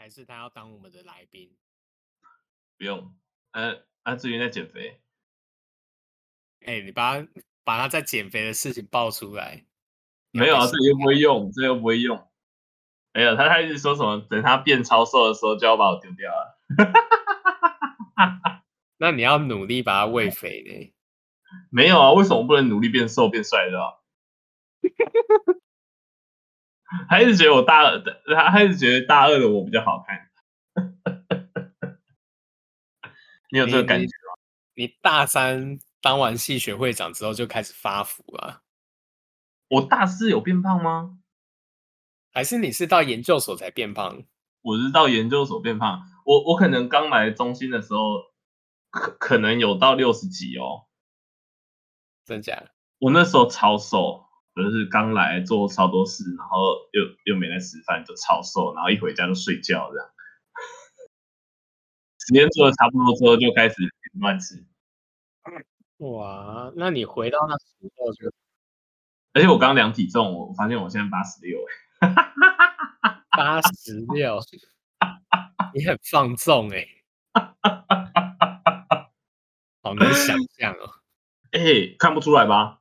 還是他要當我們的來賓？不用，阿阿志云在減肥。哎、欸，你把他把他在減肥的事情爆出來。要要沒有啊，這又不會用，這又不會用。沒有，他一直說什麼？等他變超瘦的時候，就要把我丟掉了。 那你要努力把他餵肥呢。嗯、沒有啊，為什麼不能努力變瘦變帥的、啊？ 還是覺得我大二的，他還是覺得大二的我比較好看。 你有這個感覺嗎？你，你，你大三當完系學會長之後就開始發福了。我大四有變胖嗎？還是你是到研究所才變胖？我是到研究所變胖。我我可能剛來中心的時候，可可能有到六十幾哦。真假的？我那時候超瘦。可是剛來做超多事，然後又又沒來吃飯，就超瘦，然後一回家就睡覺這樣。時間做得差不多之後，就開始亂吃。哇，那你回到那時候就……而且我剛量體重，我發現我現在八十六八十六， 86，你很放縱哎，好難想象哦，誒、欸，看不出來吧？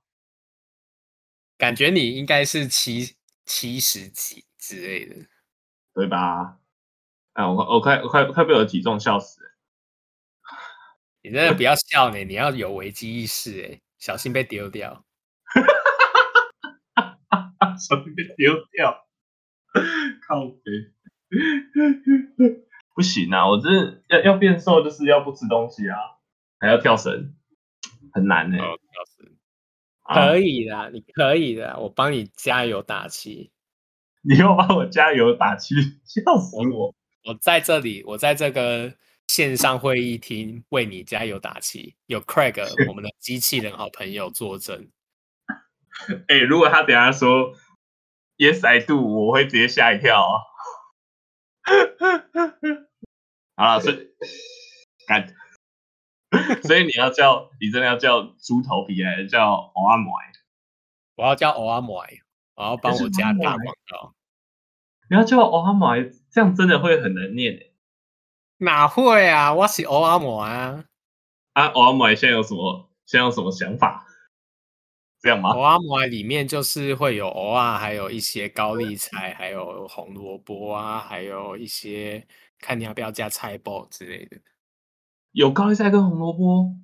感覺你應該是七七十幾之類的，對吧？哎、啊，我我快我快我快被我的體重笑死、欸！你真的不要笑呢、欸，我你要有危機意識哎、欸，小心被丟掉！ 小心被丟掉！靠！ 不行啊，我真是要要變瘦，就是要不吃東西啊，還要跳繩，很難呢、欸。Okay. 可以的，啊、你可以的，我幫你加油打氣。你要幫我加油打氣，笑死我，我！我在這裡，我在這個線上會議廳為你加油打氣，有 Craig 是我們的機器人好朋友作證。 欸、如果他等下說 “Yes I do”，我會直接嚇一跳、哦。啊 啦，是對，哎。 所以你要叫，你真的要叫豬頭皮，叫偶阿摩。我要叫偶阿摩，我要幫我加大廣告，麥你要叫偶阿摩哎，這樣真的會很難念。哪會啊，我是偶阿摩啊，啊偶阿摩哎，現在有什麼，現在有什麼想法，這樣嗎？偶阿摩哎，裡面就是會有蚵仔還有一些高麗菜， 還有紅蘿蔔啊，還有一些看你要不要加菜脯之類的。有高麗菜跟紅蘿蔔，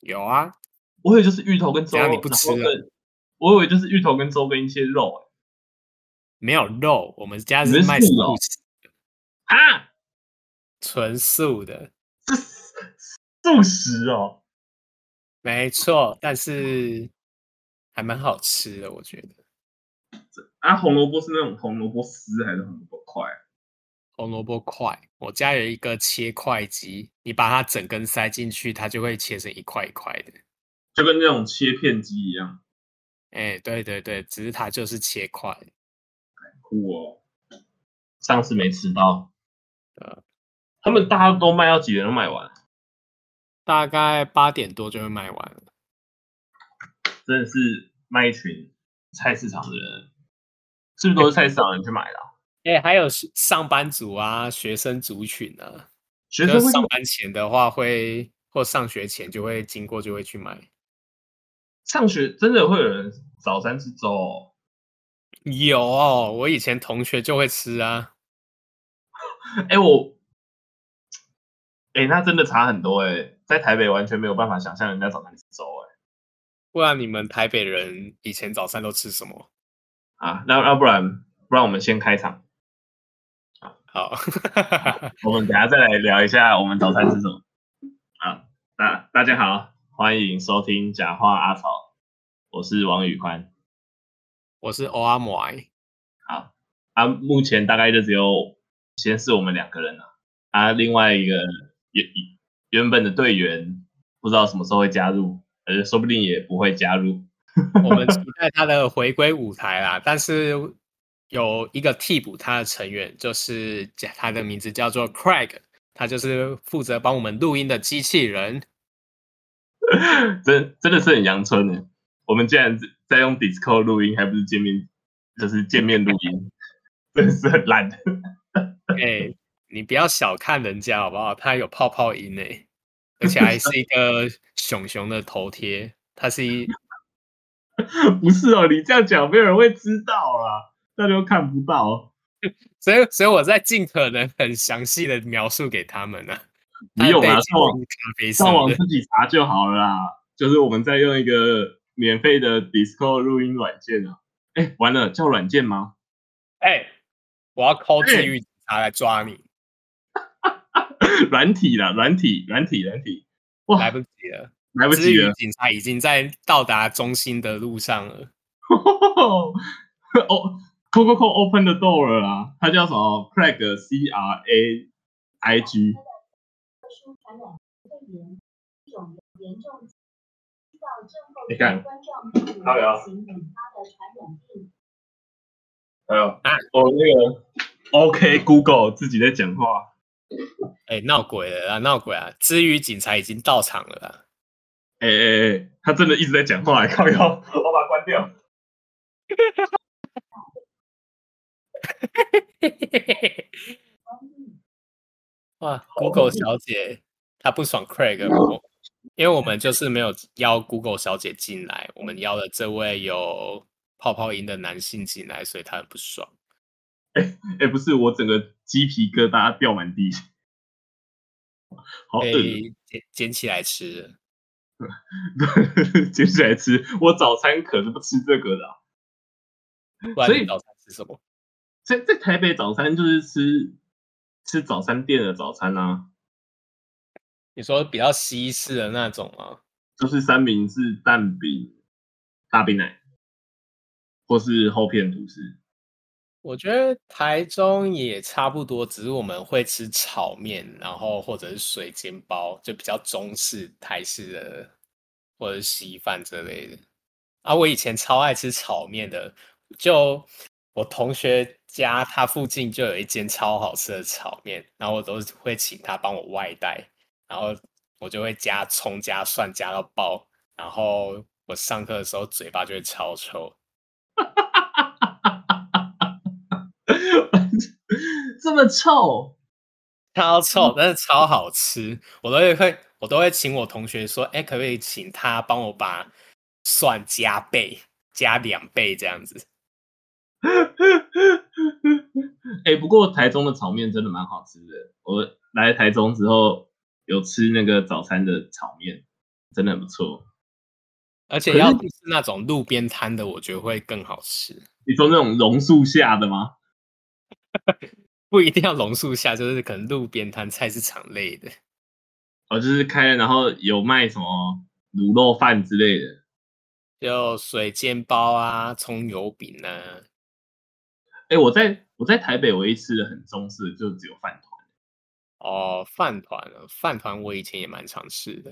有啊，我以為，就是芋頭跟粥，你不吃了。我以為就是芋頭跟粥跟一些肉。欸，沒有肉，我們家是賣素的。哦、啊，純素的素食哦，沒錯，但是還蠻好吃的，我覺得。啊紅蘿蔔是那種紅蘿蔔絲還是紅蘿蔔塊？紅蘿蔔塊，我家有一個切塊機，你把它整根塞進去，它就會切成一塊一塊的，就跟那種切片機一樣。哎、欸，對對對，只是它就是切塊。酷哦，上次沒吃到。對。他們大家都賣到幾點都賣完？大概八點多就會賣完了。真的是賣一群菜市場的人，是不是都是菜市場的人去買的啊？哎、欸，還有上班族啊，學生族群啊，學生會上班前的話會或上學前就會經過，就會去買。上學真的會有人早餐吃粥？有、哦，我以前同學就會吃啊。哎 欸，我，哎、欸，那真的差很多哎、欸，在台北完全沒有辦法想象人家早餐吃粥哎。不然你們台北人以前早餐都吃什麼？啊，那要不然，不然我們先開場。 好，我們等下再來聊一下我們早餐吃什麼啊？那大家好，歡迎收聽講話啊草。我是王宇寬，我是歐阿摩埃。好，啊，目前大概就只有先是我們兩個人啊，啊，另外一個原原本的隊員不知道什麼時候會加入，而說不定也不會加入。我們期待他的回歸舞台啦，但是。有一個替補，他的成員就是，他的名字叫做 Craig，他就是負責幫我們錄音的機器人。真真的是很陽春欸！我們竟然在用 Discord 錄音，還不是見面，就是見面錄音， 真的是很爛。欸，你不要小看人家好不好？他有泡泡音欸，而且還是一個熊熊的頭貼，他是一 不是哦，你這樣講，沒有人會知道啦。大家都看不到， 所以所以我在盡可能很詳細的描述給他們呢。不用啊？上網上網自己查就好了啦。就是我們在用一個免費的 Discord 錄音軟件啊。哎、欸，完了，叫軟件嗎？哎、欸，我要 call 支語警察來抓你。軟 體啦，軟體，軟體，軟體。哇，來不及了，來不及了。支語警察已經在到達中心的路上了。呵呵呵哦。Co, co, co, open the door 啦，他叫什麼？Craig C R A I G。你看，哎呦，啊啊哦那個，OK Google 自己在講話，哎，鬧鬼了啊，鬧鬼了啊！至於警察已經到場了吧，啊？哎哎哎，他真的一直在講話，靠夭，我把它關掉。 哈 哇，Google 小姐她不爽 Craig，、oh. 因為我們就是沒有邀 Google 小姐進來，我們邀了這位有泡泡音的男性進來，所以她很不爽。哎、欸欸、不是，我整個雞皮疙瘩掉滿地，好冷，撿撿、欸嗯、起來吃，撿 起來吃。我早餐可是不吃這個的、啊，不然你早餐吃什麼？在在台北早餐就是吃吃早餐店的早餐啊，你說比較西式的那種啊，就是三明治、蛋餅、大冰奶，或是厚片吐司。我覺得台中也差不多，只是我們會吃炒麵，然後或者是水煎包，就比較中式、台式的，或者稀飯之類的。啊，我以前超愛吃炒麵的，就我同學。家他附近就有一間超好吃的炒麵，然後我都會請他幫我外帶，然後我就會加蔥加蒜加到爆，然後我上課的時候嘴巴就會超臭，哈哈哈哈哈！這麼臭？超臭，但是超好吃，我都會我都會請我同學說，哎、欸，可不可以請他幫我把蒜加倍加兩倍這樣子。哎、 欸，不過台中的炒麵真的蠻好吃的。我來台中之後有吃那個早餐的炒麵，真的很不錯。而且要不是那種路邊攤的，我覺得會更好吃。你說那種榕樹下的嗎？ 不一定要榕樹下，就是可能路邊攤、菜市場類的。哦，就是開了，然後有賣什麼滷肉飯之類的，有水煎包啊、蔥油餅啊。哎，我在我在台北，唯一吃的很中式的就只有飯糰。哦，飯糰、啊，飯糰，我以前也蠻常吃的。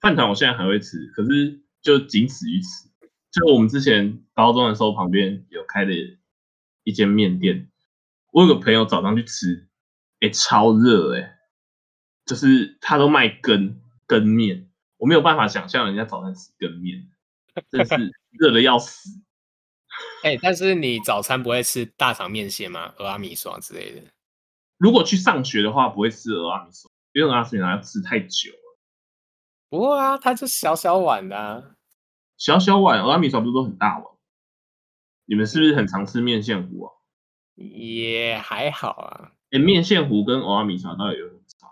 飯糰我現在還會吃，可是就僅此於此。就我們之前高中的時候，旁邊有開的一間麵店，我有個朋友早上去吃，哎，超熱誒、欸，就是他都賣羹羹麵，我沒有辦法想象人家早餐吃羹麵，真是熱的要死。 哎、欸，但是你早餐不會吃大腸麵線嗎？蚵仔麵線之類的？如果去上學的話，不會吃蚵仔麵線，因為蚵仔麵線要吃太久了。不會啊，它就小小碗的、啊。小小碗蚵仔麵線不是都很大碗？你們是不是很常吃麵線糊啊？也還好啊。哎、欸，麵線糊跟蚵仔麵線到底有什麼差？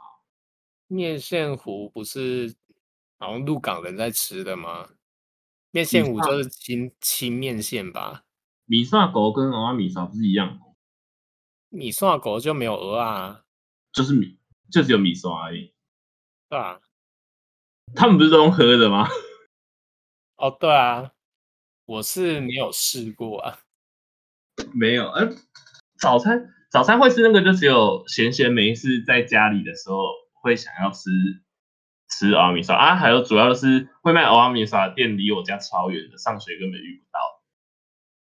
麵線糊不是好像鹿港人在吃的嗎？麵線糊就是清看清麵線吧？米薩狗跟阿米莎不是一樣狗？米薩狗就沒有鵝啊？就是米，就只有米沙而已。對啊，他們不是都喝的嗎？哦，對啊，我是沒有試過啊。沒有，嗯、呃，早餐早餐會吃那個，就只有閒閒沒事在家裡的時候會想要吃吃阿米莎。啊。還有主要是會賣阿米莎的店離我家超遠的，上學根本遇不到。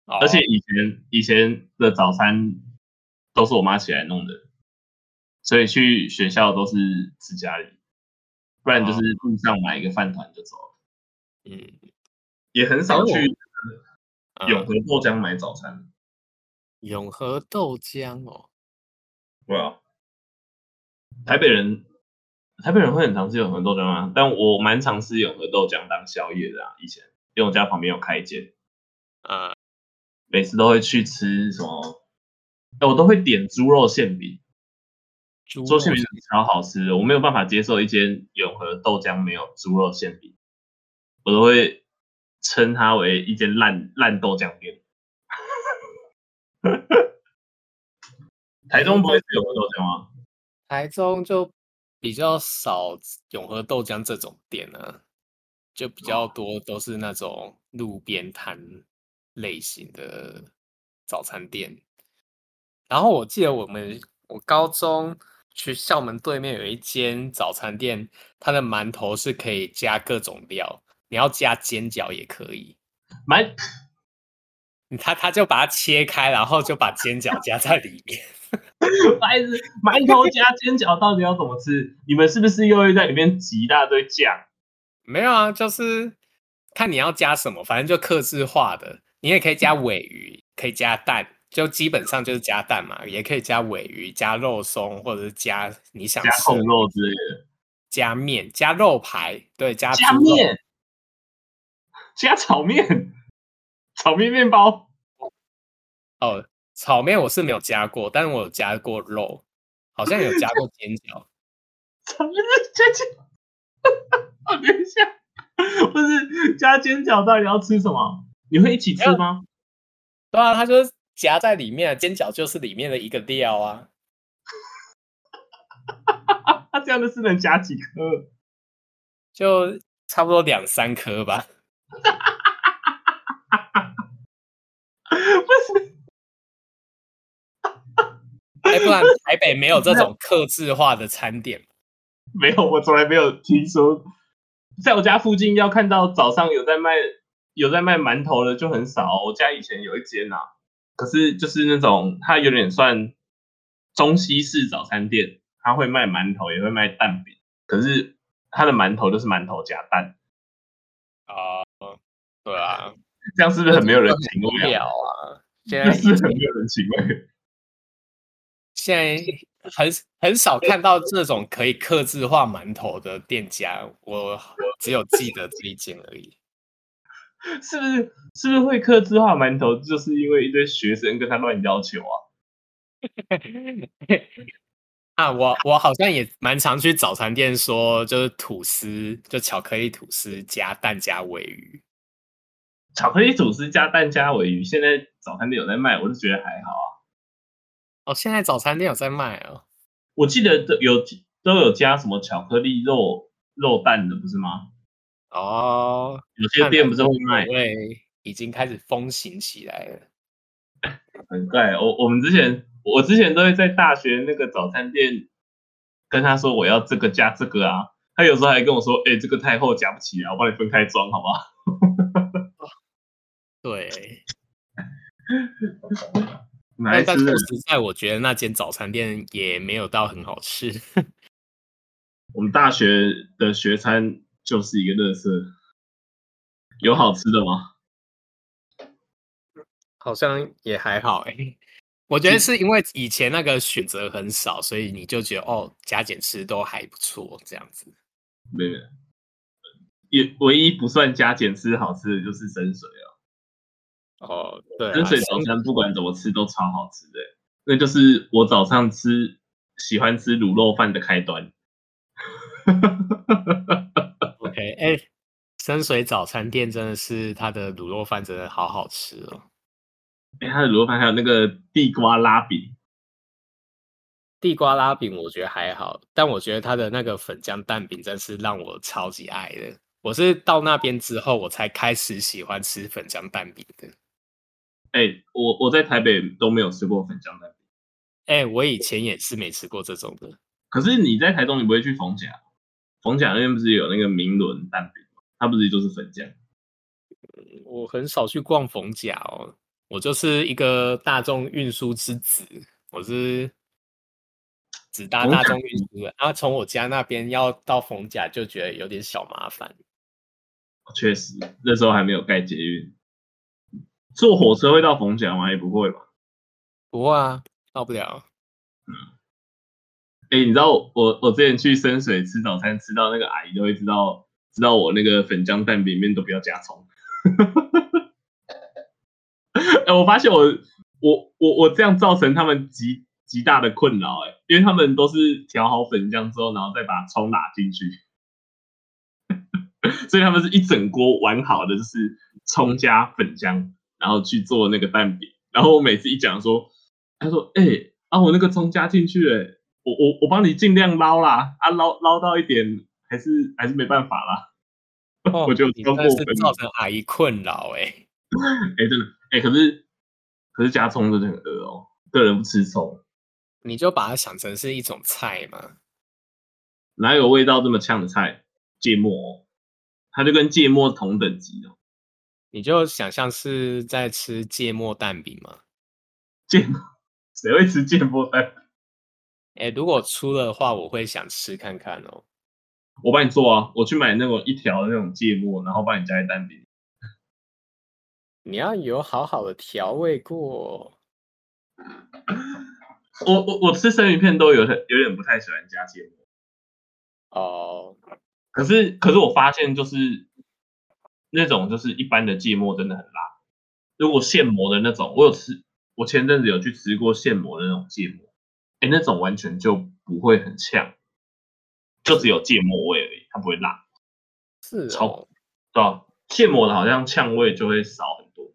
而且以前、哦、以前的早餐都是我媽起來弄的，所以去學校都是吃家裡，不然就是路上買一個飯糰就走了。哦嗯、也很少去我永和豆漿買早餐。嗯、永和豆漿哦？對啊，台北人台北人會很常吃永和豆漿嗎？但我蠻常吃永和豆漿當宵夜的啊，以前因為我家旁邊有開一間，呃每次都會去吃什麼？欸、我都會點豬肉餡餅，豬肉餡餅超好吃的。我沒有辦法接受一間永和豆漿沒有豬肉餡餅，我都會稱它為一間爛爛豆漿店。 台中不會是永和豆漿嗎？台中就比較少永和豆漿這種店呢、啊，就比較多都是那種路邊攤。類型的早餐店，然後我記得我們我高中去校門對面有一間早餐店，它的饅頭是可以加各種料，你要加煎餃也可以。饅滿，他他就把它切開，然後就把煎餃夾在裡面。 不好意思，饅頭夾煎餃到底要怎麼吃？ 你們是不是又會在裡面擠一大堆醬？沒有啊，就是看你要加什麼，反正就客製化的。你也可以加鮪魚，可以加蛋，就基本上就是加蛋嘛，也可以加鮪魚、加肉鬆，或者是加你想吃。加的肉之類的。加麵，加肉排，對，加。加麵。加炒麵。炒麵麵包。哦，炒麵我是沒有加過，但是我有加過肉，好像有加過煎餃。炒麵是加煎餃，哈，別笑，等一下。不是加煎餃，到底要吃什麼？你會一起吃嗎？對啊，他說夾在裡面的煎餃就是裡面的一個料啊。 他這樣的是能夾幾顆？就差不多兩三顆吧。 不是？哎、 欸，不然台北沒有這種客制化的餐點？沒有，我從來沒有聽說，在我家附近要看到早上有在賣。有在賣饅頭的就很少。我家以前有一間啊，可是就是那種它有點算中西式早餐店，它會賣饅頭，也會賣蛋餅。可是它的饅頭就是饅頭夾蛋啊，對啊，這樣是不是很沒有人情味啊？現在是很沒有人情味。現在很很少看到這種可以客製化饅頭的店家，我我只有記得這一間而已。是不是是不是會客製化饅頭，就是因為一堆學生跟他亂要求啊？ 啊，我我好像也蠻常去早餐店說，就是吐司，就巧克力吐司加蛋加鮪魚，巧克力吐司加蛋加鮪魚，現在早餐店有在賣，我是覺得還好啊。哦，現在早餐店有在賣啊。哦，我記得都有都有加什麼巧克力肉肉蛋的，不是嗎？哦，oh, 有些店不是會賣，對，已經開始風行起來了。很快，我我們之前，嗯、我之前都會在大學那個早餐店跟他說我要這個加這個啊，他有時候還跟我說，哎、欸，這個太厚夾不起啊，我幫你分開裝好不好？ 對， 來但是實在我覺得那間早餐店也沒有到很好吃。 我們大學的學餐。就是一個樂色，有好吃的嗎？好像也還好，欸、我覺得是因為以前那個選擇很少，所以你就覺得哦，加減吃都還不錯，這樣子沒有，也唯一不算加減吃好吃的就是生水哦、啊。哦、對、啊，生水早餐不管怎麼吃都超好吃的、欸，那就是我早上吃喜歡吃滷肉飯的開端。 哎哎、欸欸，深水早餐店真的是它的滷肉飯真的好好吃哦！哎、欸，它的滷肉飯還有那個地瓜拉餅，地瓜拉餅我覺得還好，但我覺得它的那個粉漿蛋餅真是讓我超級愛的。我是到那邊之後我才開始喜歡吃粉漿蛋餅的。哎、欸，我我在台北都沒有吃過粉漿蛋餅。哎、欸，我以前也是沒吃過這種的。可是你在台中，你不會去逢甲？逢甲那邊不是有那個明倫蛋餅嗎？它不是就是粉漿、嗯。我很少去逛逢甲哦、喔，我就是一個大眾運輸之子，我是只搭大眾運輸。然後，逢甲，啊從我家那邊要到逢甲，就覺得有點小麻煩。確實，那時候還沒有蓋捷運，坐火車會到逢甲嗎？也不會吧。不會啊，到不了。哎、欸，你知道我我之前去深水吃早餐，吃到那個阿姨都會知道知道我那個粉漿蛋餅裡面都不要加蔥。哎、 欸，我發現我我我我這樣造成他們極極大的困擾、欸，因為他們都是調好粉漿之後，然後再把蔥拿進去， 所以他們是一整鍋完好的就是蔥加粉漿，然後去做那個蛋餅。然後我每次一講說，他說「哎、欸、啊我那個蔥加進去了、欸。」我我我幫你儘量撈啦啊，撈撈到一點還是還是沒辦法啦，哦、 我就得過，我跟，真的是造成阿姨困擾。哎，哎，真的。哎，可是可是加蔥真的很惡哦。個人不吃蔥，你就把它想成是一種菜嘛，哪有味道這麼嗆的菜？芥末哦，它就跟芥末同等級哦。你就想象是在吃芥末蛋餅嗎？芥末誰會吃芥末蛋？蛋？哎、欸，如果出了的話，我會想吃看看哦、喔。我幫你做啊，我去買那種一條那種芥末，然後幫你加在蛋餅。你要有好好的調味過。我我我吃生魚片都有點有點不太喜歡加芥末。哦，oh. 可是可是我發現就是那種就是一般的芥末真的很辣。如果現磨的那種，我有吃，我前陣子有去吃過現磨的那種芥末。欸，那種完全就不會很嗆，就只有芥末味而已，它不會辣。是哦，超對吧、啊？芥末的好像嗆味就會少很多，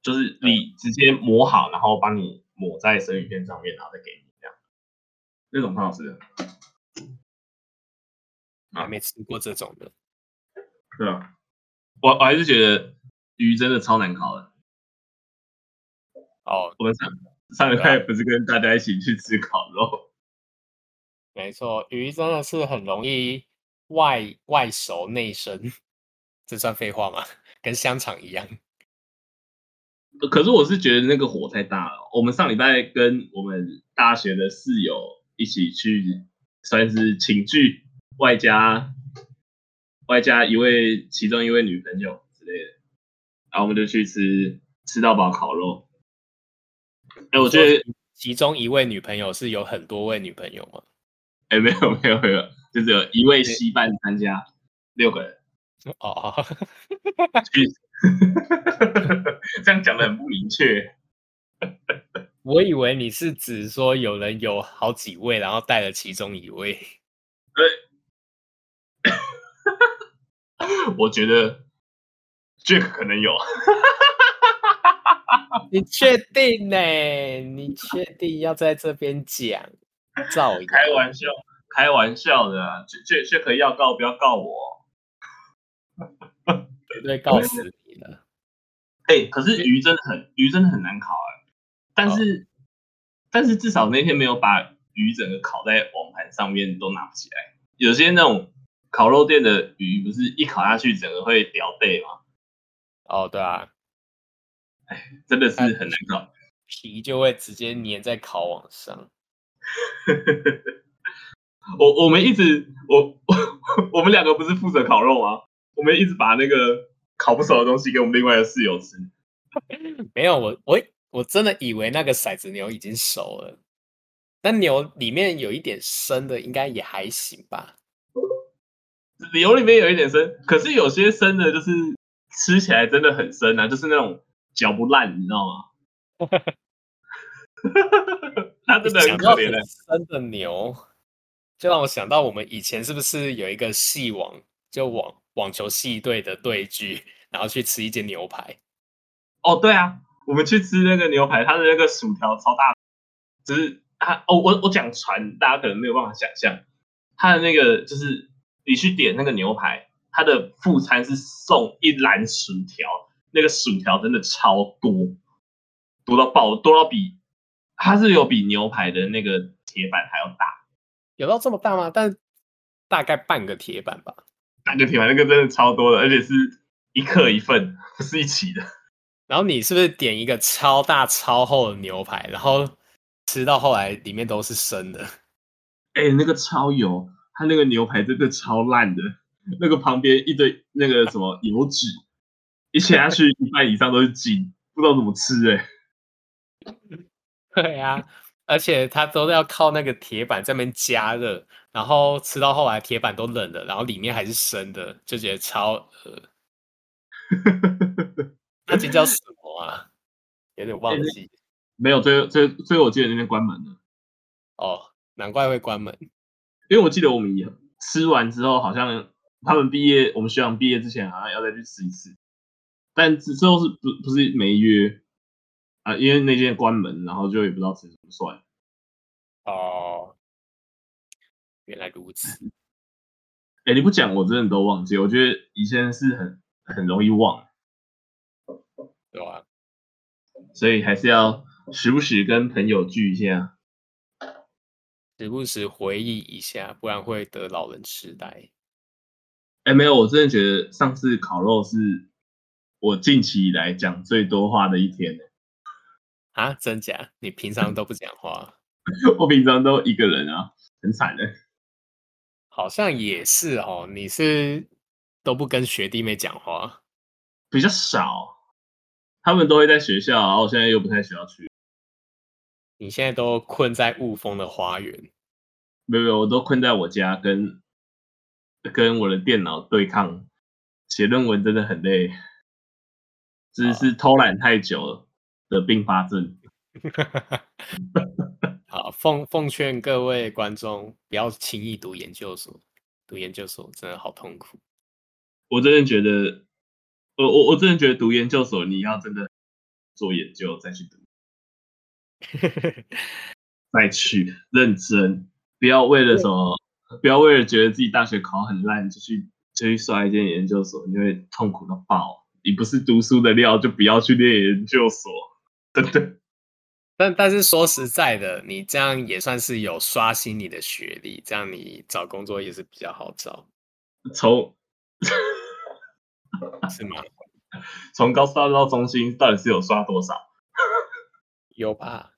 就是你直接磨好，然後幫你抹在生魚片上面，然後再給你這樣，那種超好吃的。啊，沒吃過這種的。是。啊，我我還是覺得魚真的超難烤的。哦，我們上禮拜不是跟大家一起去吃烤肉，嗯。沒錯，魚真的是很容易外外熟內生，這算廢話嗎？跟香腸一樣。可是我是覺得那個火太大了。我們上禮拜跟我們大學的室友一起去，算是請聚，外加外加一位其中一位女朋友之類的，然後我們就去吃吃到飽烤肉。哎，我覺得其中一位女朋友，是有很多位女朋友嗎？哎、欸，沒有沒有沒有，就是有一位西半參加，欸、六個人。哦哦， 這樣講的很不明確。我以為你是指說有人有好幾位，然後帶了其中一位。對、欸， 我覺得這個可能有。 你確定呢、欸？你確定要在這邊講？造謠？開玩笑，開玩笑的、啊。這確確可以要告，不要告我。絕對告死你了。哎、哦欸，可是魚真的很，欸、魚真的很難烤啊、欸。但是、哦、但是至少那天沒有把魚整個烤在網盤上面都拿不起來。有些那種烤肉店的魚不是一烤下去整個會掉背嗎？哦，對啊。哎、真的是很難搞，皮就會直接粘在烤網上。 我我們一直我我我們兩個不是負責烤肉嗎、啊？我們一直把那個烤不熟的東西給我們另外的室友吃。 沒有我我我真的以為那個骰子牛已經熟了，但牛裡面有一點生的，應該也還行吧。牛裡面有一點生，可是有些生的，就是吃起來真的很生啊，就是那種。嚼不爛，你知道嗎？ 他真的很可憐真的牛，就讓我想到我們以前是不是有一個系網，就網網球系隊的對局，然後去吃一間牛排。哦，對啊，我們去吃那個牛排，它的那個薯條超大，只是它哦，我我講船，大家可能沒有辦法想象它的那個，就是你去點那個牛排，它的副餐是送一籃薯條。那個薯條真的超多，多到爆，多到比它是有比牛排的那個鐵板還要大，有到這麼大嗎？但大概半個鐵板吧，半個鐵板那個真的超多的，而且是一客一份，嗯、是一起的。然後你是不是點一個超大超厚的牛排，然後吃到後來裡面都是生的？哎、欸，那個超油，它那個牛排真的超爛的，那個旁邊一堆那個什麼油脂。 切下去一半以上都是筋， 不知道怎麼吃哎、欸。對啊，而且它都要靠那個鐵板在那邊加熱，然後吃到後來鐵板都冷了，然後裡面還是生的，就覺得超……呵呵呵呵呵，那叫什麼啊？ 有點忘記。欸、沒有，所以所以所以我記得那邊關門了。哦，難怪會關門，因為我記得我們也吃完之後，好像他們畢業，我們學長畢業之前，好像要再去吃一次。但最後是不不是沒約啊，因為那間關門，然後就也不知道吃什麼算了。哦，原來如此。哎，你不講我真的都忘記。我覺得以前是很很容易忘，對啊？所以還是要時不時跟朋友聚一下，時不時回憶一下，不然會得老人痴呆。哎，沒有，我真的覺得上次烤肉是我近期以來講最多話的一天呢、欸？啊，真假？你平常都不講話？ 我平常都一個人啊，很慘的。好像也是哦，你是都不跟學弟妹講話？比較少，他們都會在學校，然後我現在又不太想要去。你現在都困在霧峰的花園？沒有，沒有，我都困在我家，跟跟我的電腦對抗，寫論文真的很累。只是偷懶太久了的併發症。好， 好，奉奉勸各位觀眾不要輕易讀研究所，讀研究所真的好痛苦。我真的覺得，我我我真的覺得讀研究所，你要真的做研究再去讀， 再去認真，不要為了什麼，對不要為了覺得自己大學考很爛就去就去刷一間研究所，你會痛苦到爆。你不是讀書的料，就不要去念研究所，對不對？但但是說實在的，你這樣也算是有刷新你的學歷，這樣你找工作也是比較好找。從是嗎？從高三到中心，到底是有刷多少？有吧？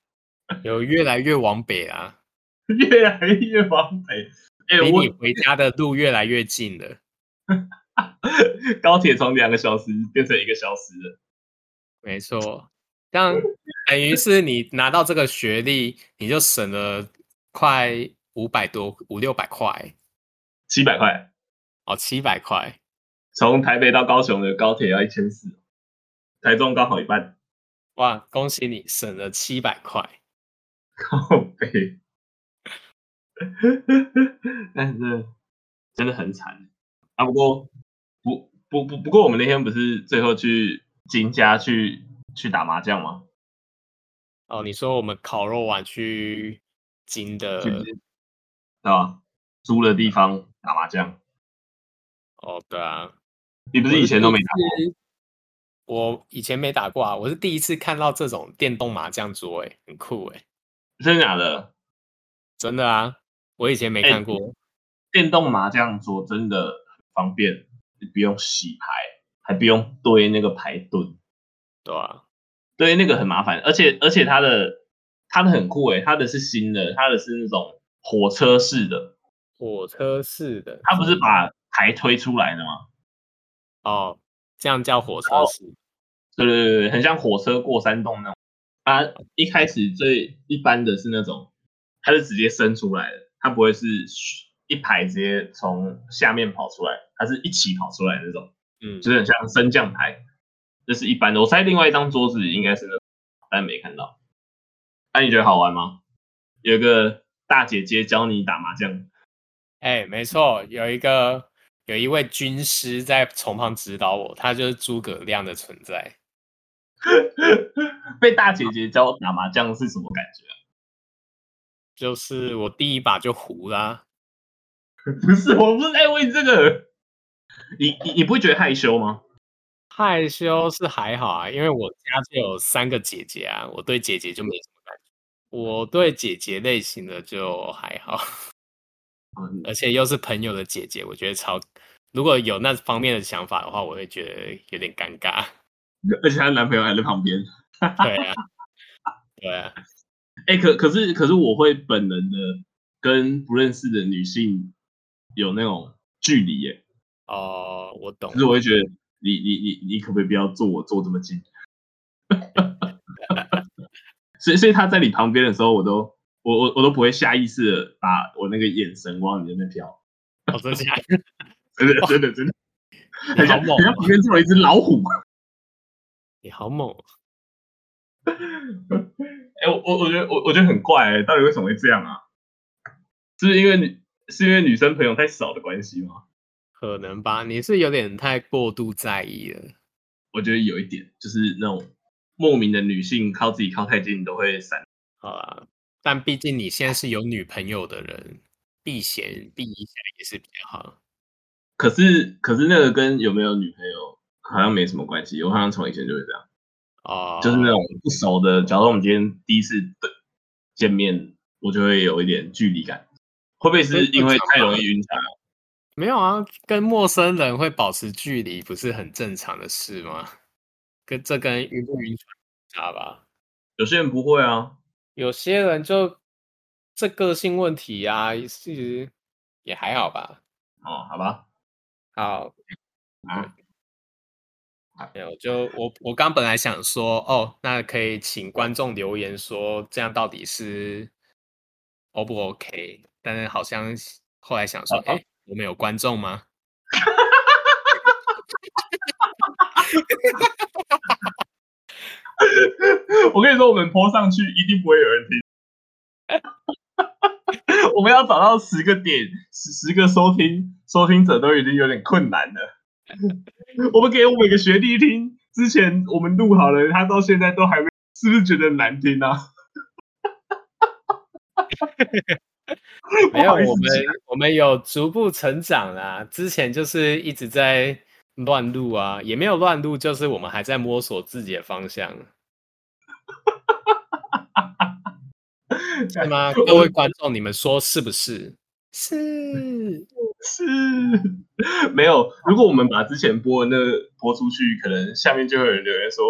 有越來越往北啊！ 越來越往北，哎、欸，你回家的路越來越近了。 高鐵從兩個小時變成一個小時，沒錯，但等於是你拿到這個學歷，你就省了快五百多五六百塊，七百塊哦，七百塊。從台北到高雄的高鐵要一千四，台中剛好一半。哇，恭喜你省了七百塊。靠北，但是真的很慘，差不多。不不不過，我們那天不是最後去金家去去打麻將嗎？哦，你說我們烤肉完去金的啊租的地方打麻將？哦，對啊，你不是以前都沒打過我，就是？我以前沒打過啊，我是第一次看到這種電動麻將桌、欸，誒，很酷、欸，誒。真假的？的？真的啊！我以前沒看過、欸、電動麻將桌，真的很方便。不用洗牌，還不用堆那個牌墩，對啊，對，那個很麻煩，而且而且它的它的很酷誒、欸，它的是新的，它的是那種火車式的。火車式的。的它不是把牌推出來的嗎？哦，這樣叫火車式。哦。對對對，很像火車過山洞那種。啊，一開始最一般的是那種，它是直接伸出來的，它不會是。一排直接從下面跑出來，它是一起跑出來的那種，嗯，就是很像升降台，這、就是一般的。我猜另外一張桌子應該是那個，但沒看到。那、啊、你覺得好玩嗎？有一個大姐姐教你打麻將，哎、欸，沒錯，有一個有一位軍師在從旁指導我，他就是諸葛亮的存在。 被大姐姐教打麻將是什麼感覺？就是我第一把就胡啦。不是，我不是在問這個。你你你不會覺得害羞嗎？害羞是還好啊，因為我家只有三個姐姐啊，我對姐姐就沒什麼感覺。我對姐姐類型的就還好，嗯，而且又是朋友的姐姐，我覺得超。如果有那方面的想法的話，我會覺得有點尷尬。而且她男朋友還在旁邊。 對啊，對啊。哎、欸，可可是可是我會本能的跟不認識的女性。有那種距離耶、欸，啊、呃，我懂了。其實我會覺得你，你你你你可不可以不要坐我坐這麼近？哈哈哈！所以所以他在你旁邊的時候我，我都我我我都不會下意識的把我那個眼神往你那邊瞟。好真實，真的真的 對對對真的，真的你好猛、哦！你家旁邊坐了一隻老虎，你好猛！哎，我我我覺得我我覺得很怪、欸，哎，到底為什麼會這樣啊？就是因為你。是因為女生朋友太少的關係嗎？可能吧，你是有點太過度在意了。我覺得有一點，就是那種莫名的女性靠自己靠太近都會閃。好了、啊，但畢竟你現在是有女朋友的人，避嫌避一下也是比較好。可是，可是那個跟有沒有女朋友好像沒什麼關係。我好像從以前就會這樣啊，哦、就是那種不熟的，假如我們今天第一次見面，我就會有一點距離感。會不會是因為太容易暈船？沒有啊，跟陌生人會保持距離，不是很正常的事嗎？跟這跟暈不暈船，好吧？有些人不會啊，有些人就這個性問題、啊、其實也還好吧？哦，好吧，好啊，沒有，就我我剛本來想說，哦，那可以請觀眾留言說，這樣到底是 O、哦、不 OK？但是好像後來想說，哎、哦，我們、欸、有，有觀眾嗎？ 我跟你說，我們播上去一定不會有人聽。 我們要找到十個點，十十個收聽收聽者都已經有點困難了。 我們給我們每個學弟聽，之前我們錄好了，他到現在都還沒，是不是覺得難聽呢、啊？ 沒有，我們哇我們有逐步成長啦。之前就是一直在亂錄啊，也沒有亂錄，就是我們還在摸索自己的方向。那麼各位觀眾，你們說是不是？是 是， 沒有。如果我們把之前播的那個播出去，可能下面就會有人留言說：“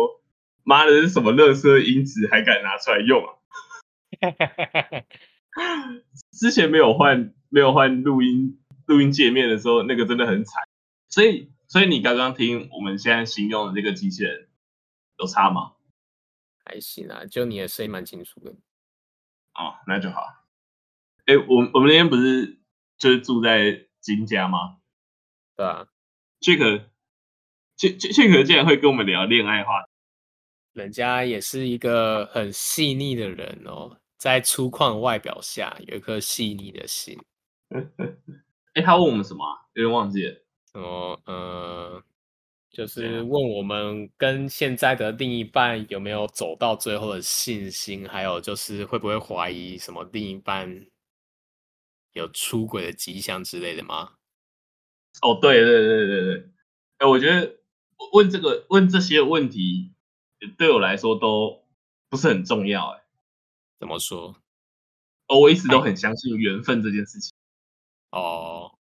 媽的，是什麼垃圾音質還敢拿出來用啊？” 之前沒有換沒有換錄音錄音介面的時候，那個真的很慘。所以，所以你剛剛聽我們現在新用的這個機器人，有差嗎？還行啊，就你的聲音蠻清楚的。哦，那就好。哎、欸，我我們那天不是就是住在金家嗎？對啊，俊可俊俊竟然會跟我們聊戀愛話，人家也是一個很細膩的人哦。在粗獷外表下有一顆細膩的心。哎、欸，他問我們什麼、啊？有點忘記了。什麼、哦？呃，就是問我們跟現在的另一半有沒有走到最後的信心，還有就是會不會懷疑什麼另一半有出軌的跡象之類的嗎？哦，對對對對對。哎、欸，我覺得問這個問這些問題對我來說都不是很重要、欸。哎。怎麼說？我一直都很相信緣分這件事情。哦，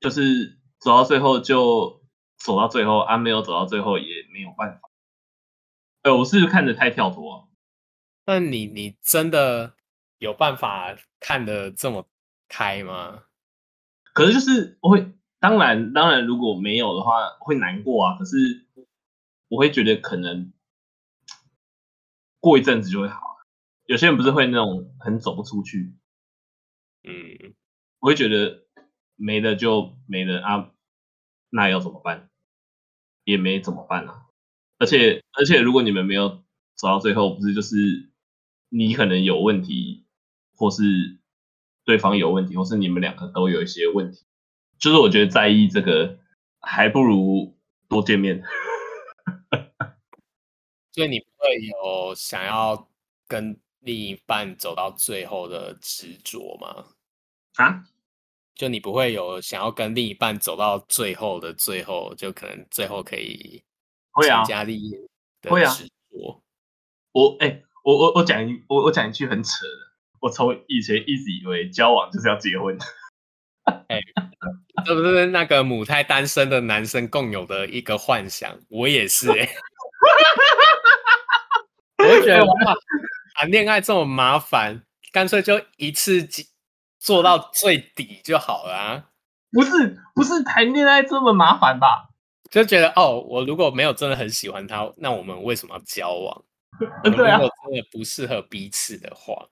就是走到最後就走到最後啊，沒有走到最後也沒有辦法。哎、欸，我是不是看得太跳脫？啊但你你真的有辦法看得這麼開嗎？可是就是我會，當然當然，如果沒有的話會難過啊。可是我會覺得可能過一陣子就會好。有些人不是會那種很走不出去，嗯，我會覺得沒了就沒了啊，那要怎麼辦？也沒怎麼辦啊。而且而且，如果你們沒有走到最後，不是就是你可能有問題，或是對方有問題，或是你們兩個都有一些問題。就是我覺得在意這個，還不如多見面。 所以你不會有想要跟。另一半走到最後的執着嗎？啊蛤？就你不會有想要跟另一半走到最後的最後，就可能最後可以的會、啊，會啊，成家立業的執著，我、欸、我我講一，我我講一句很扯，我從以前一直以為交往就是要結婚。哎、欸，是不 是那個母胎單身的男生共有的一個幻想？我也是、欸，哈哈哈我覺得。 談、啊、戀愛這麼麻煩，乾脆就一次做到最底就好了、啊。不是，不是談戀愛這麼麻煩吧？就覺得哦，我如果沒有真的很喜歡他，那我們為什麼要交往？嗯，對啊，如果真的不適合彼此的話，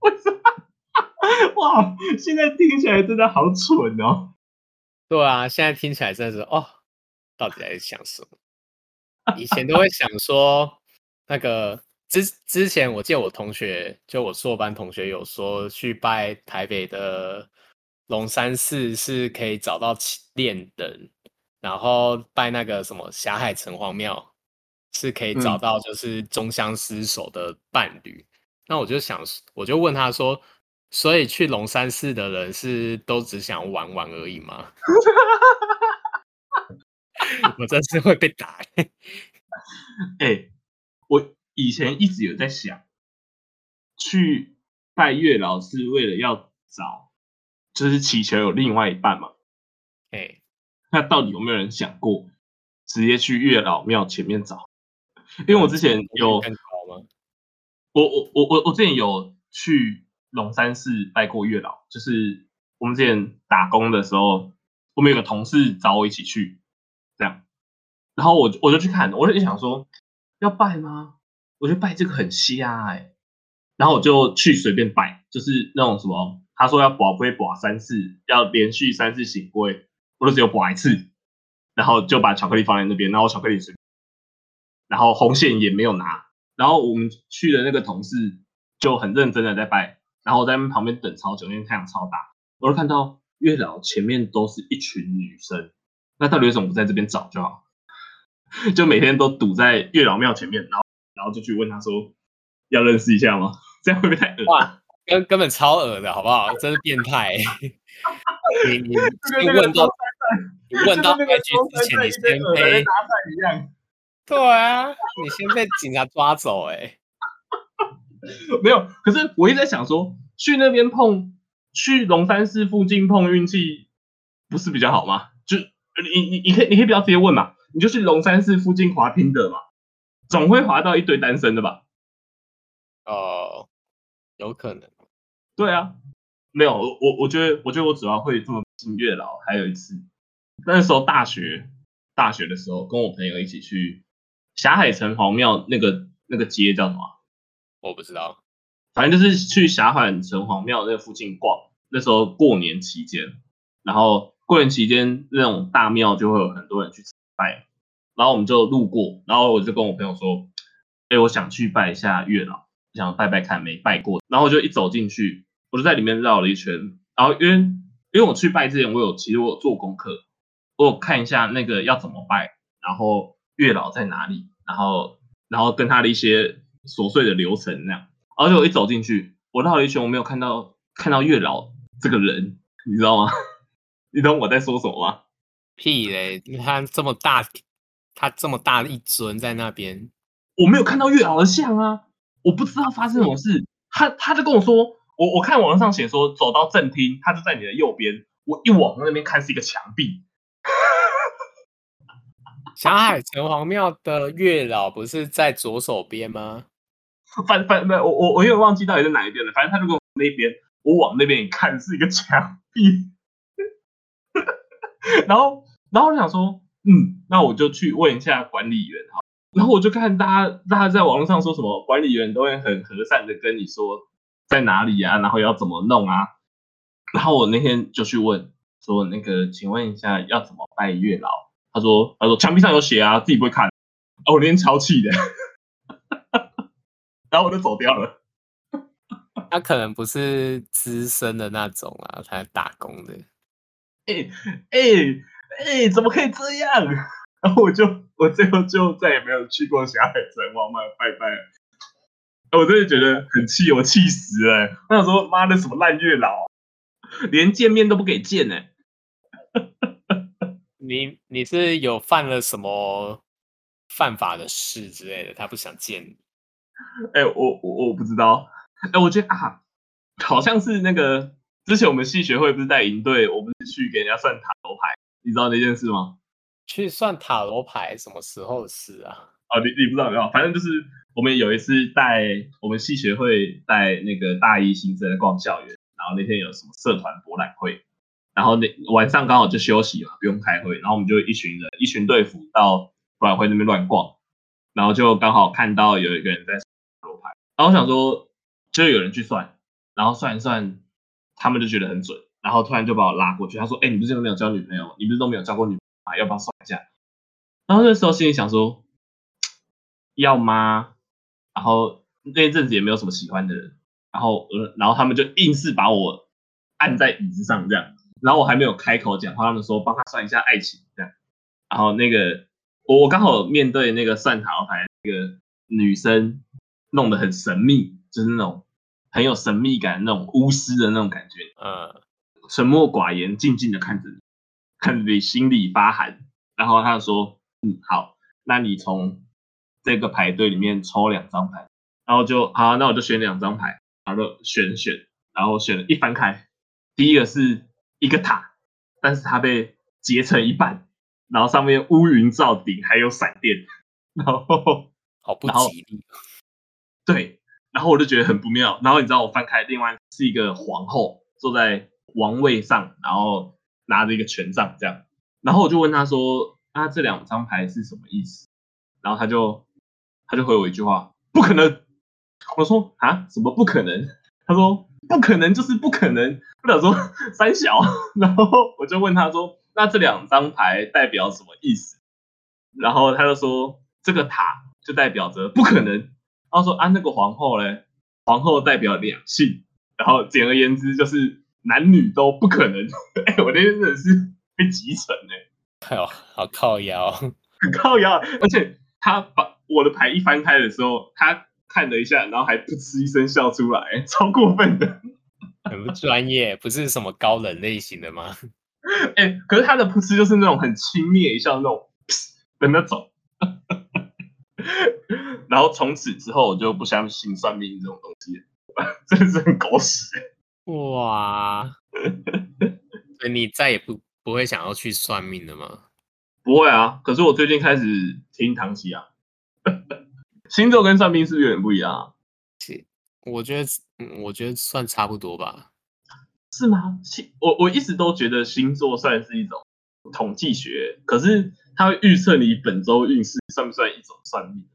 為什麼？哇，現在聽起來真的好蠢哦。對啊，現在聽起來真的是哦，到底在想什麼？ 以前都會想說那個。之之前，我見我同學，就我碩班同學有說去拜台北的龍山寺，是可以找到戀人；然後拜那個什麼霞海城隍廟，是可以找到就是終相廝守的伴侶。嗯、那我就想，我就問他說：所以去龍山寺的人是都只想玩玩而已嗎？ 我真是會被打、欸！哎、 欸，我。以前一直有在想，去拜月老是為了要找，就是祈求有另外一半嘛。哎、欸，那到底有沒有人想過，直接去月老廟前面找？因為我之前有，嗯、我我我我我之前有去龍山寺拜過月老，嗯、就是我們之前打工的時候，我們有個同事找我一起去，這樣，然後我就我就去看，我就想說，要拜嗎？我覺得拜這個很瞎哎，然後我就去隨便拜。就是那種什麼，他說要博杯博三次，要連續三次聖杯，我就只有博一次，然後就把巧克力放在那邊，然後巧克力，隨，然後紅線也沒有拿，然後我們去的那個同事就很認真的在拜，然後我在那邊旁邊等超久，因為太陽超大，我就看到月老前面都是一群女生，那到底為什麼不在這邊找就好，就每天都堵在月老廟前面，然後，然後就去問他說，要認識一下嗎？這樣會不會太惡？哇，根根本超惡的好不好？ 真是變態、欸！ 你你 你問到你問到 I G 之前你黑，你 對啊，你先被警察抓走哎、欸， 沒有。可是我一直在想說，去那邊碰，去龍山寺附近碰運氣，不是比較好嗎？就你你你可以你可以不要直接問嘛，你就是龍山寺附近滑冰的嘛。總會滑到一堆單身的吧？哦、呃，有可能。對啊，沒有我我覺得我覺得我主要會做敬月老，還有一次那時候大學大學的時候，跟我朋友一起去霞海城隍廟，那個那個街叫什麼？我不知道，反正就是去霞海城隍廟那附近逛。那時候過年期間，然後過年期間那種大廟就會有很多人去拜。然後我們就路過，然後我就跟我朋友說：“哎，我想去拜一下月老，想拜拜看沒拜過。”然後我就一走進去，我就在裡面繞了一圈。然後因為因為我去拜之前，我有其實我有做功課，我有看一下那個要怎麼拜，然後月老在哪裡，然後然後跟他的一些瑣碎的流程那樣。而且我一走進去，我繞了一圈，我沒有看到看到月老這個人，你知道嗎？ 你懂我在說什麼嗎？屁嘞，欸！你看這麼大。他這麼大的一尊在那邊，我沒有看到月老的像啊！我不知道發生什麼事。我他他就跟我說，我我看網上寫說，走到正廳，他就在你的右邊。我一往那邊看，是一個牆壁。 霞海城隍廟的月老不是在左手邊嗎？反反不，我我我有點忘記到底是哪一邊了。反正他就說那邊，我往那邊一看是一個牆壁。 然後然後我想說。嗯，那我就去問一下管理員哈，然後我就看大家，大家在網絡上說什麼，管理員都會很和善的跟你說在哪裡呀、啊，然後要怎麼弄啊。然後我那天就去問，說那個，請問一下要怎麼拜月老？他說，他說牆壁上有寫啊，自己不會看，啊、我那天超氣的， 然後我就走掉了。他可能不是資深的那種啊，他打工的。哎哎、欸。欸哎、欸，怎麼可以這樣？然後我就我最後就再也沒有去過霞海城隍廟，拜拜！我真的覺得很氣，我氣死了，我想說，那時候媽的什麼爛月老、啊，連見面都不給見呢！ 你你是，是有犯了什麼犯法的事之類的？他不想見你？哎、欸，我我我不知道。哎、欸，我覺得啊，好像是那個之前我們系學會不是在營隊，我們是去給人家算塔羅牌。你知道那件事嗎？去算塔羅牌什麼時候死啊？啊，你你不知道你，反正就是我們有一次帶我們系學會帶那個大一新生的逛校園，然後那天有什麼社團博覽會，然後那晚上剛好就休息嘛，不用開會，然後我們就一群人一群隊服到博覽會那邊亂逛，然後就剛好看到有一個人在算塔羅牌，然後我想說就有人去算，然後算一算，他們就覺得很準。然後突然就把我拉過去，他說：“哎，你不是都沒有交女朋友，你不是都沒有交過女朋友嗎？要不要算一下？”然後那時候心裡想說：“要嗎？”然後那陣子也沒有什麼喜歡的人，然後、呃，然後他們就硬是把我按在椅子上這樣。然後我還沒有開口講話，他們說幫他算一下愛情這樣。然後那個我我剛好面對那個算塔羅牌那個女生，弄得很神秘，就是那種很有神秘感、那種巫師的那種感覺，呃。沉默寡言，靜靜地看着你，看着你心裡發寒。然後他就說：“嗯，好，那你從這個牌堆裡面抽兩張牌，然後就好、啊，那我就選兩張牌。”好了，選選，然後選了一翻開，第一個是一個塔，但是它被截成一半，然後上面烏雲罩頂，還有閃電，然後好不吉利。對，然後我就覺得很不妙。然後你知道我翻開，另外是一個皇后坐在。王位上，然後拿着一個權杖，這樣，然後我就問他說：“啊，這兩張牌是什麼意思？”然後他就他就回我一句話：“不可能。”我說：“啊，什麼不可能？”他說：“不可能就是不可能。不想”不曉得說三小，然後我就問他說：“那這兩張牌代表什麼意思？”然後他就說：“這個塔就代表着不可能。”他說：“啊，那個皇後呢，皇后代表兩性。”然後簡而言之就是。.男女都不可能！哎、欸，我那天真的是被急成了、欸，哎呦、哦，好靠腰，很靠腰。而且他把我的牌一翻開的時候，他看了一下，然後還噗嗤一聲笑出來、欸，超過分的， 很不專業，不是什麼高冷類型的嗎？哎、欸，可是他的噗嗤就是那種很輕蔑一笑那種噗噗的那種， 然後從此之後我就不相信算命這種東西，真是很狗屎。哇！ 所以你再也不不會想要去算命了嗎？不會啊，可是我最近開始聽唐綺陽。 星座跟算命是，不是有點不一樣啊？我覺得，我覺得算差不多吧。是嗎？我我一直都覺得星座算是一種統計學，可是它會預測你本周運勢，算不算一種算命？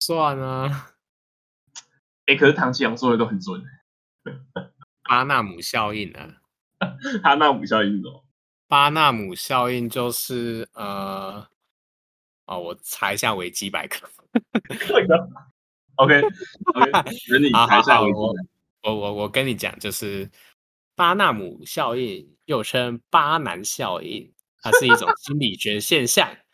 算啊。哎、欸，可是唐綺陽說的都很準、欸。 巴姆、啊、哈納姆效應呢？巴納姆效應，巴納姆效應就是呃，哦，我查一下維基百科。 OK，OK，okay, okay, 啊，好，好，我我我跟你講，就是巴納姆效應又稱巴南效應，它是一種心理學現象。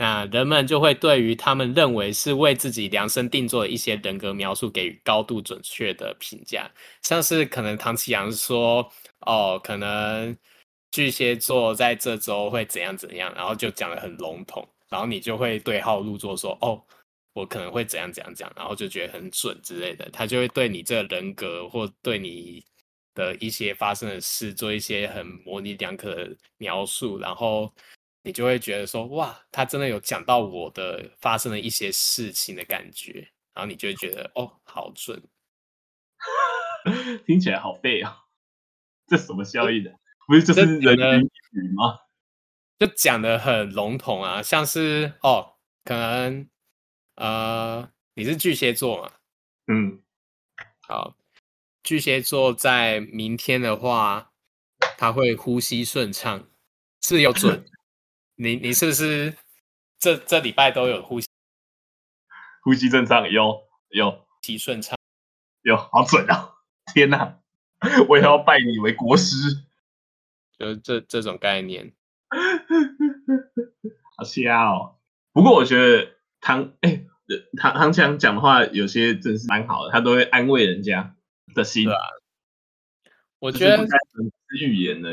那人們就會對於他們認為是為自己量身定做的一些人格描述給予高度準確的評價，像是可能唐綺陽說：“哦，可能巨蟹座在這周會怎樣怎樣”，然後就講得很籠統，然後你就會對號入座說：“哦，我可能會怎樣怎樣講”，然後就覺得很準之類的。他就會對你這個人格或對你的一些發生的事做一些很模棱兩可的描述，然後。你就會覺得說哇，他真的有講到我的發生了一些事情的感覺，然後你就會覺得哦，好準，聽起來好背啊、哦，這什麼效應的？嗯、不是這是人云亦云嗎就得？就講得很籠統啊，像是哦，可能呃，你是巨蟹座嘛，嗯，好，巨蟹座在明天的話，他會呼吸順暢，是要準。 你你是不是這這禮拜都有呼吸呼吸正常？有有呼吸順暢？有好準啊！天哪， 我也要拜你為國師，就是這這種概念， 好笑哦。不過我覺得唐哎唐唐強講的話有些真是蠻好的，他都會安慰人家的心啊。我覺得預言呢，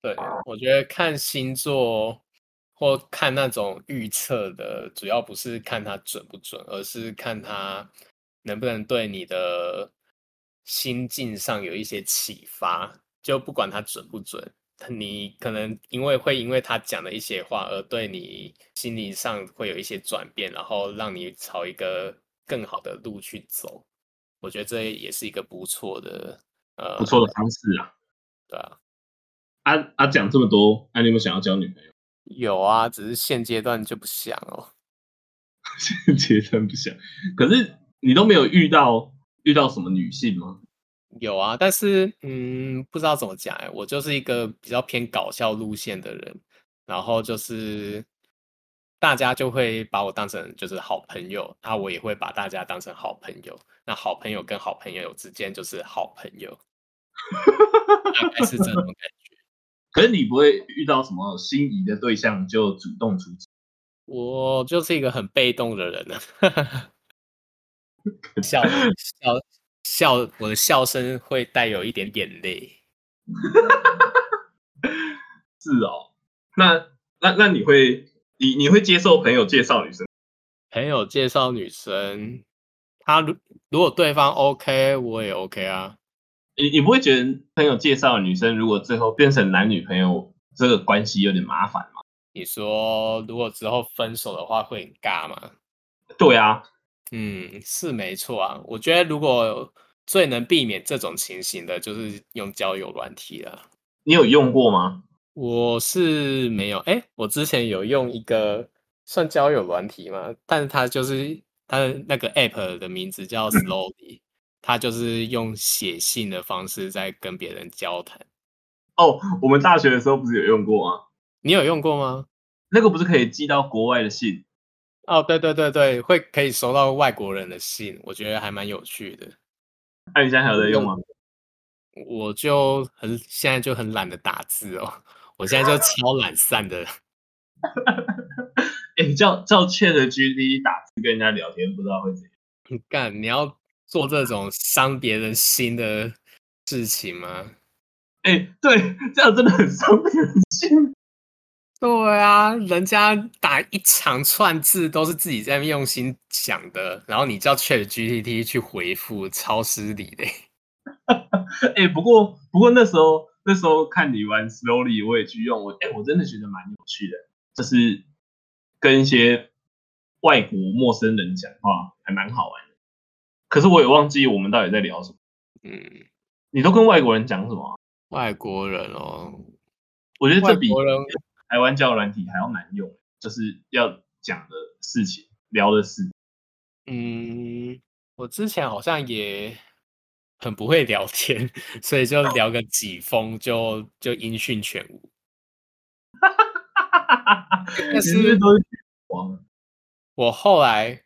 對我覺得看星座。或看那種預測的，主要不是看它準不準，而是看它能不能對你的心境上有一些啟發。就不管它準不準，你可能因為會因為他講的一些話而對你心理上會有一些轉變，然後讓你朝一個更好的路去走。我覺得這也是一個不錯的呃，不錯的方式啊。對啊，啊啊，啊講這麼多，啊、你有沒有想要交女朋友？有啊，只是現階段就不想哦。現階段不想，可是你都沒有遇到遇到什麼女性嗎？有啊，但是嗯，不知道怎麼講、欸，我就是一個比較偏搞笑路線的人，然後就是大家就會把我當成就是好朋友，那我也會把大家當成好朋友。那好朋友跟好朋友之間就是好朋友， 大概是這種感覺。可是你不會遇到什麼心儀的對象就主動出擊？我就是一個很被動的人呢、啊。 笑笑笑，我的笑聲會帶有一點眼淚。 是哦，那那那你會，你你會接受朋友介紹女生？朋友介紹女生，他如如果對方 OK，我也 OK 啊。你你不會覺得朋友介紹女生如果最後變成男女朋友，這個關係有點麻煩嗎？你說如果之後分手的話會很尬嗎？對啊，嗯，是沒錯啊。我覺得如果最能避免這種情形的，就是用交友軟體了。你有用過嗎？我是沒有。哎、欸，我之前有用一個算交友軟體嗎？但是它就是它的那個 App 的名字叫 Slowly。嗯。他就是用寫信的方式在跟別人交談哦。我們大學的時候不是有用過嗎？你有用過嗎？那個不是可以寄到國外的信哦？對對對對，會可以收到外國人的信，我覺得還蠻有趣的、啊。你現在還有在用嗎？我就很現在就很懶得打字哦，我現在就超懶散的。哎、 欸，叫叫切的 GD 打字跟人家聊天，不知道會怎樣。幹，你要做這種傷別人心的事情嗎？哎、欸，對，這樣真的很傷別人心。對啊，人家打一長串字都是自己在用心想的，然後你叫 ChatGPT 去回復，超失禮的。哎、 欸，不過，不過那時候那時候看你玩 Slowly，我也去用我，哎、欸，我真的覺得蠻有趣的，就是跟一些外國陌生人講話，還蠻好玩。可是我也忘記我們到底在聊什麼。嗯，你都跟外國人講什麼？外國人哦，我覺得這比台灣交流軟體還要難用，就是要講的事情，聊的事。嗯，我之前好像也很不會聊天，所以就聊個幾封就就音訊全無。哈哈哈！哈哈！哈哈！但是都忘了。我後來。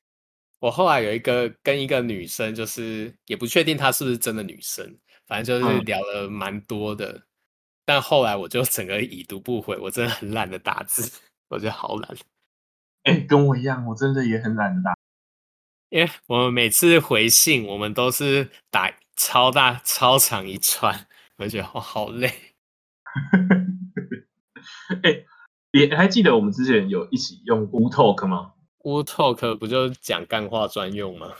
我後來有一個跟一個女生，就是也不確定她是不是真的女生，反正就是聊了蠻多的。嗯、但後來我就整個已讀不回，我真的很懶得打字，我覺得好懶。哎、欸，跟我一樣，我真的也很懶得打。因為我們每次回信，我們都是打超大超長一串，我覺得我好累。哎 、欸，你還記得我們之前有一起用 Wu Talk 嗎？WooTalk 不就講幹話專用嗎？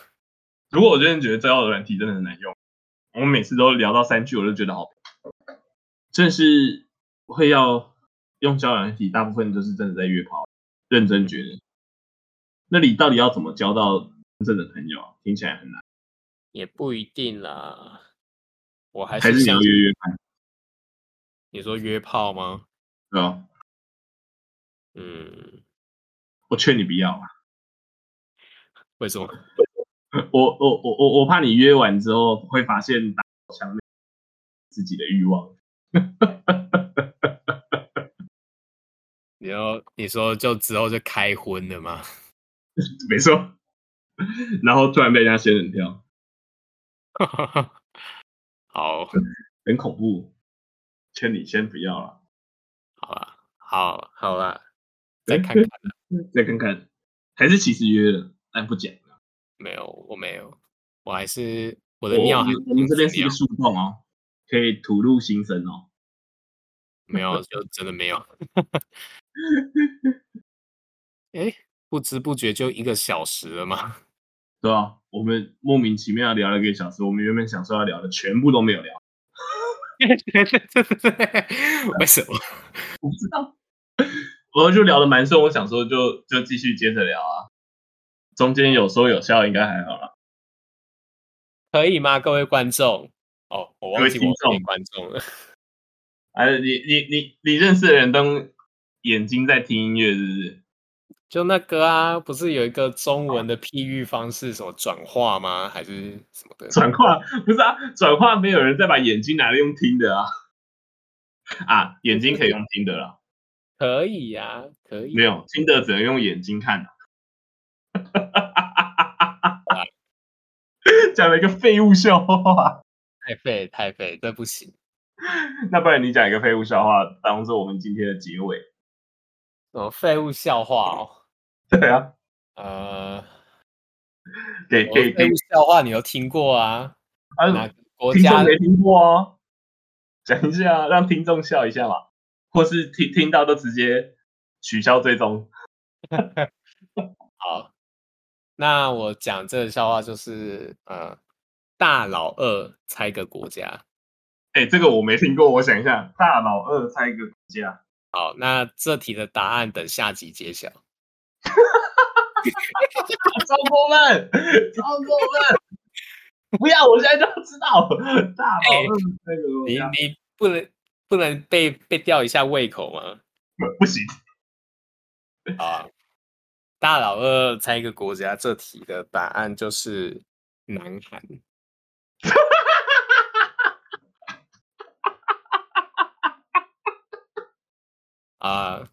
如果我真的覺得交友軟件真的很難用，我每次都聊到三句，我就覺得好。正是會要用交友軟件，大部分都是真的在約炮。認真覺得，那你到底要怎麼交到真正的朋友？聽起來很難，也不一定啦。我還是想還是你要約約看。你說約炮嗎？對啊。嗯。我勸你不要了、啊，為什麼？ 我我我我怕你約完之後會發現自己的慾望。 你要，你說就之後就開葷了嗎？ 沒錯， 然後突然被人家仙人跳， 好， 很恐怖。勸你先不要了、啊，好吧？好，好了。對再看看、啊，再看看，還是其實約了，哎，不講了，沒有，我沒有，我還是我的尿還我，我們這邊是一個樹洞哦，尿可以吐露心聲哦，沒有，就真的沒有，哈哈，哎，不知不覺就一個小時了嗎？對啊，我們莫名其妙要聊了一個小時，我們原本想說要聊的全部都沒有聊， 對對對對，對為什麼？我不知道。我就聊的蠻順，我想說就就繼續接着聊啊，中間有說有笑應該還好啦。可以嗎，各位觀眾？哦，我忘記提醒觀眾了。各位聽眾。哎，你你你你認識的人都眼睛在聽音樂是不是？就那個啊，不是有一個中文的譬喻方式，啊、什麼轉化嗎？還是什麼的？轉化不是啊，轉化沒有人在把眼睛拿來用聽的啊。啊，眼睛可以用聽的啦。可以呀、啊，可以、啊。沒有金的，只能用眼睛看。 講了一個廢物笑話，太廢太廢，對不起。那不然你講一個廢物笑話，當做我們今天的結尾。什麼廢物笑話哦？ 對啊，呃，給給廢物笑話，你都聽過啊？啊哪個國家的？聽眾沒聽過哦？講一下，讓聽眾笑一下嘛。或是聽聽到都直接取消追蹤。 好，那我講這個笑話就是，呃，大老二猜個國家。哎、欸，這個我沒聽過，我想一下，大老二猜個國家。好，那這題的答案等下集揭曉。哈， 超破爛，超破爛！不要，我現在都知道，大老二猜個國家。欸、你，你不能。不能被被吊一下胃口嗎？不行啊！大老二猜一個國家，這題的答案就是南韓。 啊！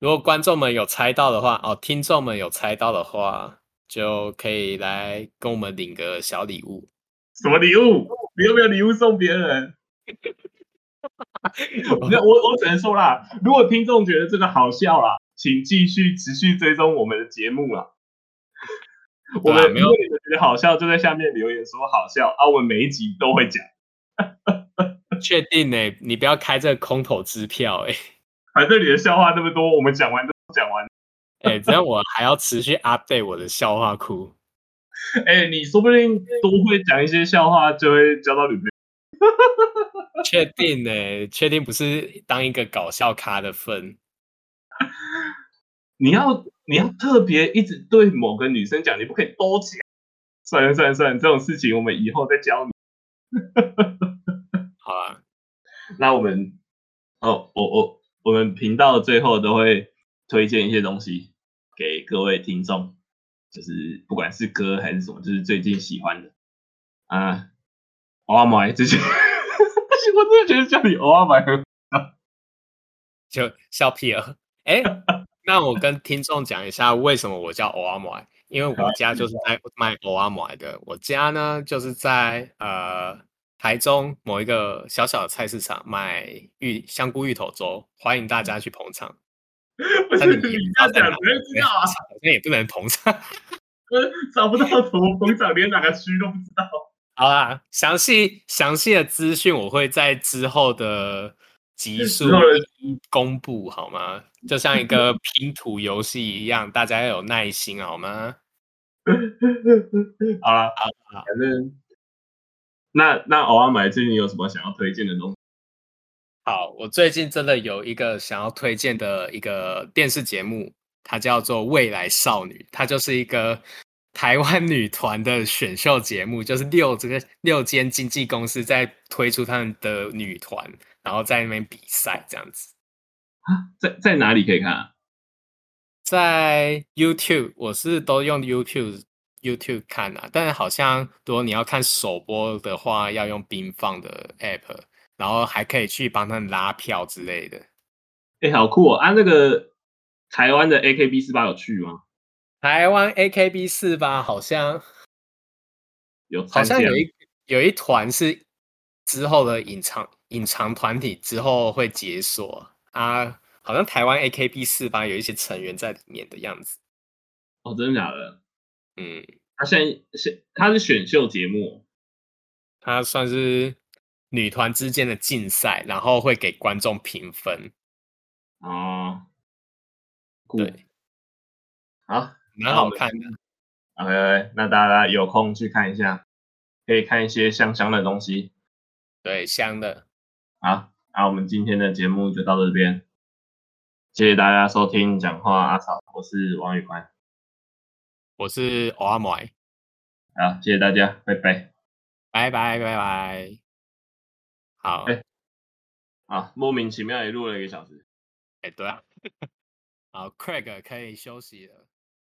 如果觀眾們有猜到的話，哦、啊，聽眾們有猜到的話，就可以來跟我們領個小禮物。什麼禮物？你要不要禮物送別人？ 我只能說啦，如果聽眾覺得這個好笑啦，請繼續持續追蹤我們的節目啦。啊、 我們個覺得好笑就在下面留言說好笑啊，我有每一集都會講。 確定呢、欸？你不要開這個空頭支票哎、欸。反正你的笑話那麼多，我們講完都講完。哎 欸，只要我還要持續 update 我的笑話庫，哎、欸，你說不定都會講一些笑話，就會交到女朋友。 確定呢、欸？確定不是當一個搞笑咖的份？你要你要特別一直對某個女生講，你不可以多講。算了算了算了，這種事情我們以後再教你。 好啊，那我們哦，我我我，我們頻道最後都會推薦一些東西給各位聽眾，就是不管是歌還是什麼，就是最近喜歡的啊，阿麥最近。就是我真的覺得叫你偶、啊“歐阿買”很，就笑屁了。哎、欸，那我跟聽眾講一下，為什麼我叫“歐阿買”？因為我家就是在賣“歐阿買”的。我家呢，就是在呃台中某一個小小的菜市場賣芋香菇、芋頭粥，歡迎大家去捧場。不是，是你這樣講，沒人知道啊。那也不能捧場，找不到捧捧場，連 哪個區都不知道。好啦，詳細詳細的資訊我會在之後的集數公布，好嗎？就像一個拼圖遊戲一樣， 大家要有耐心，好嗎？ 好啦，好啦，反正那那偶爾買最近有什麼想要推薦的東西？好，我最近真的有一個想要推薦的一個電視節目，它叫做《未來少女》，它就是一個。台灣女團的選秀節目，就是六這個六間經紀公司在推出他們的女團，然後在那邊比賽這樣子。啊？在在哪裡可以看啊？在 YouTube，我是都用 YouTube YouTube 看啊。但好像如果你要看首播的話，要用冰放的 App，然後還可以去幫他們拉票之類的。哎、欸，好酷、哦、啊！那個台灣的 AKB 四八有去嗎？台灣 AKB48 好像有，好像有一有一團是之後的隱藏隱藏團體，之後會解鎖啊。好像台灣 AKB48 有一些成員在裡面的樣子。哦，真的假的？嗯，他現在是它是選秀節目，他算是女團之間的競賽，然後會給觀眾評分。哦，對，啊。蠻好看的 okay，OK，那大家有空去看一下，可以看一些香香的東西。對，香的。好，那我們今天的節目就到這邊，謝謝大家收聽講話。啊草，我是王宇官，我是王阿麥。好，謝謝大家，拜拜。拜拜拜拜。好。哎、欸。啊，莫名其妙也錄了一個小時。哎、欸，對啊。 好，Craig 可以休息了。